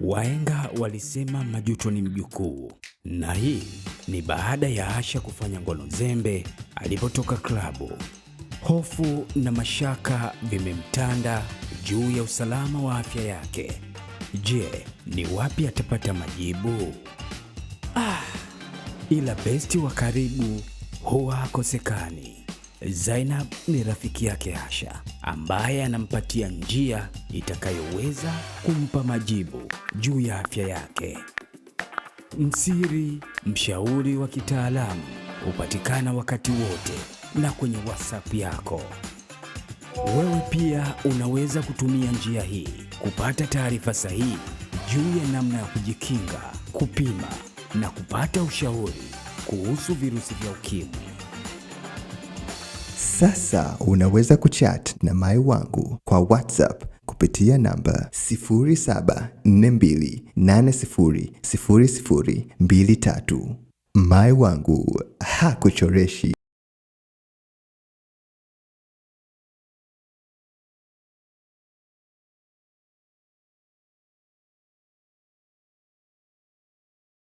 waenga walisema majuto ni mjukuu, na hii ni baada ya Asha kufanya ngono zembe alipotoka klabu. Hofu na mashaka vimemtanda juu ya usalama wa afya yake. Je, ni wapi atapata majibu? Ah, ila besti wa karibu huwa hakosekani. Zainab ni rafiki yake Asha ambaye anampatia njia itakayoweza kumpa majibu juu ya afya yake. Msiri mshauri wa kitaalamu hupatikana wakati wote na kwenye WhatsApp yako. Wewe pia unaweza kutumia njia hii kupata taarifa sahihi juu ya namna ya kujikinga, kupima na kupata ushauri kuhusu virusi vya ukimwi. Sasa unaweza kuchat na Mai Wangu kwa WhatsApp kupitia namba 0742800023. Mai wangu hakuchoreshi.